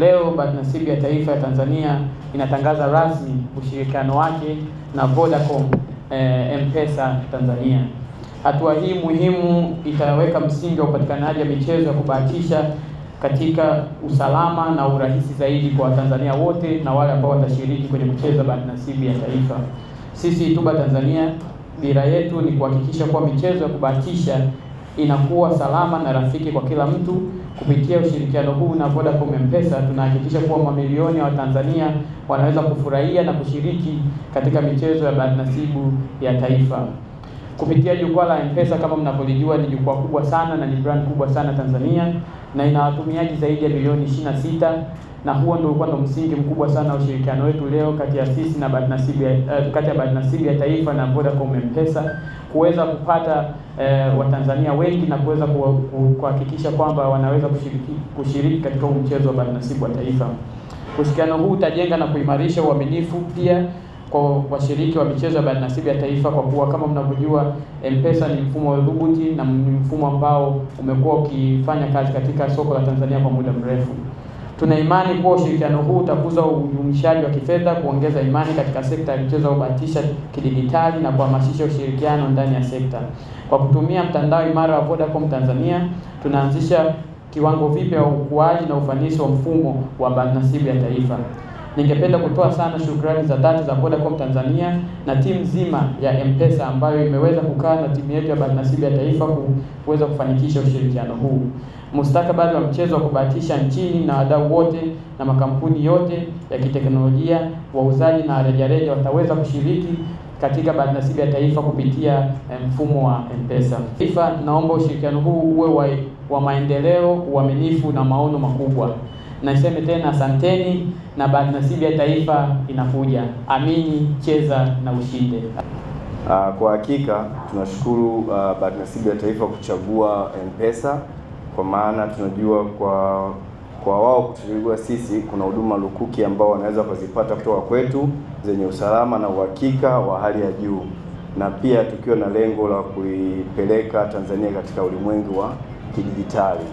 Leo bahati nasibu ya taifa ya Tanzania inatangaza rasmi ushirikiano wake na Vodacom eh, M-Pesa Tanzania. Hatua hii muhimu itaweka msingi wa upatikanaji wa michezo ya kubahatisha katika usalama na urahisi zaidi kwa Watanzania wote na wale ambao watashiriki kwenye mchezo bahati nasibu ya taifa. Sisi tuba Tanzania, dira yetu ni kuhakikisha kuwa michezo ya kubahatisha inakuwa salama na rafiki kwa kila mtu. Kupitia ushirikiano huu na Vodacom M-Pesa, tunahakikisha kuwa mamilioni ya wa Watanzania wanaweza kufurahia na kushiriki katika michezo ya bahati nasibu ya taifa kupitia jukwaa la M-Pesa kama mnavyojua ni jukwaa kubwa sana na ni brand kubwa sana Tanzania na ina watumiaji zaidi ya milioni 26 na huo ndio ulikuwa ndo msingi mkubwa sana wa ushirikiano wetu leo kati ya sisi na Bahati Nasibu ya, uh, kati ya Bahati Nasibu ya Taifa na Vodacom M-Pesa kuweza kupata uh, Watanzania wengi na kuweza kuhakikisha kwamba wanaweza kushiriki, kushiriki katika mchezo wa Bahati Nasibu Taifa. Ushirikiano huu utajenga na kuimarisha uaminifu pia kwa washiriki wa michezo ya Nasibu ya taifa, kwa kuwa kama mnavyojua M-Pesa ni mfumo wa dhubuti na ni mfumo ambao umekuwa ukifanya kazi katika soko la Tanzania kwa muda mrefu. Tuna imani kuwa ushirikiano huu utakuza ujumishaji wa kifedha, kuongeza imani katika sekta ya michezo au kubahatisha kidigitali na kuhamasisha ushirikiano ndani ya sekta. Kwa kutumia mtandao imara wa Vodacom Tanzania, tunaanzisha kiwango vipya ya ukuaji na ufanisi wa mfumo wa Nasibu ya taifa. Ningependa kutoa sana shukrani za dhati za Vodacom Tanzania na timu nzima ya M-Pesa ambayo imeweza kukaa na timu yetu ya Bahati Nasibu ya Taifa kuweza kufanikisha ushirikiano huu. Mustakabali wa mchezo wa kubahatisha nchini na wadau wote na makampuni yote ya kiteknolojia, wauzaji na rejareja wataweza kushiriki katika Bahati Nasibu ya Taifa kupitia eh, mfumo wa M-Pesa. Taifa, naomba ushirikiano huu uwe wa, wa maendeleo, uaminifu na maono makubwa na tena asanteni, na bahati nasibu ya taifa inakuja. Amini, cheza na ushinde. Ah, kwa hakika tunashukuru uh, bahati nasibu ya taifa kuchagua Mpesa kwa maana tunajua kwa kwa wao kutuchagua sisi, kuna huduma lukuki ambao wanaweza kuzipata kutoka kwetu zenye usalama na uhakika wa hali ya juu, na pia tukiwa na lengo la kuipeleka Tanzania katika ulimwengu wa kidijitali.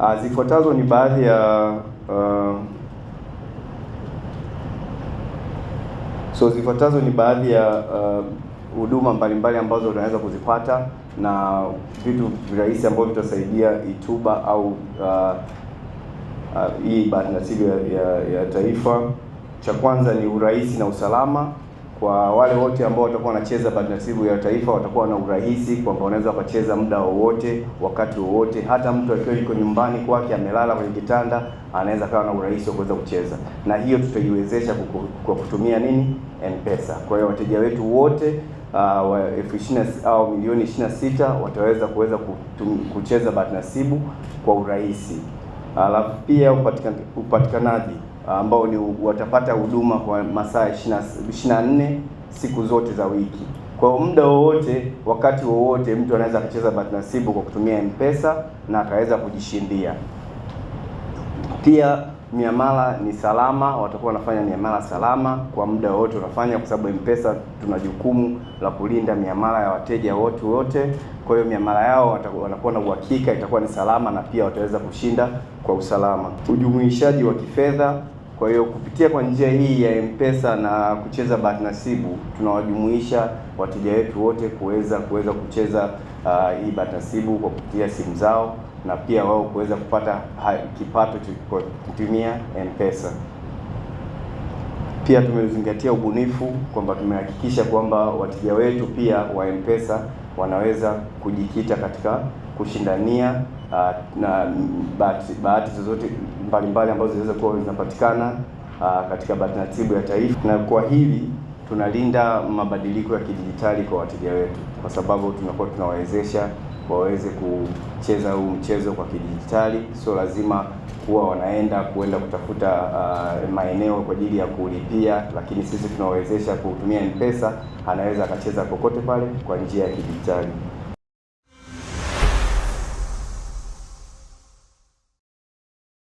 Ah, zifuatazo ni baadhi ya uh, so zifuatazo ni baadhi ya um, huduma uh, mbalimbali ambazo unaweza kuzipata na vitu virahisi ambavyo vitasaidia Ituba au uh, uh, hii bahati nasibu ya, ya, ya taifa. Cha kwanza ni urahisi na usalama kwa wale wote ambao watakuwa wanacheza timu ya taifa watakuwa na urahisi kwamba wanaweza wakacheza muda wowote wakati wowote. Hata mtu akiwa yuko nyumbani kwake amelala kwenye kitanda anaweza kawa na urahisi wa kuweza kucheza, na hiyo tutaiwezesha kwa kutumia nini, M-Pesa. Kwa hiyo wateja wetu wote uh, au milioni 26 wataweza kuweza kucheza bahati nasibu kwa urahisi. Alafu pia upatikanaji ambao ni watapata huduma kwa masaa 24 siku zote za wiki. Kwa muda wowote, wakati wowote, mtu anaweza akacheza bahati nasibu kwa kutumia M-Pesa na akaweza kujishindia pia miamala ni salama, watakuwa wanafanya miamala salama kwa muda wote unafanya, kwa sababu M-Pesa tuna jukumu la kulinda miamala ya wateja wote wote. Kwa hiyo miamala yao wanakuwa na uhakika itakuwa ni salama, na pia wataweza kushinda kwa usalama. Ujumuishaji wa kifedha kwa hiyo kupitia kwa njia hii ya M-Pesa na kucheza bahati nasibu, tunawajumuisha wateja wetu wote kuweza kuweza kucheza uh, hii bahati nasibu kwa kupitia simu zao na pia wao kuweza kupata kipato kwa kutumia M-Pesa. Pia tumezingatia ubunifu kwamba tumehakikisha kwamba wateja wetu pia wa M-Pesa wanaweza kujikita katika kushindania uh, na bahati bahati zozote mbalimbali ambazo zinaweza kuwa zinapatikana uh, katika bahati nasibu ya taifa, na kwa hili tunalinda mabadiliko ya kidijitali kwa wateja wetu, kwa sababu tunakuwa tunawawezesha waweze kucheza huu mchezo kwa kidijitali, sio lazima kuwa wanaenda kuenda kutafuta uh, maeneo kwa ajili ya kulipia, lakini sisi tunawawezesha kutumia M-Pesa, anaweza akacheza kokote pale kwa njia ya kidijitali.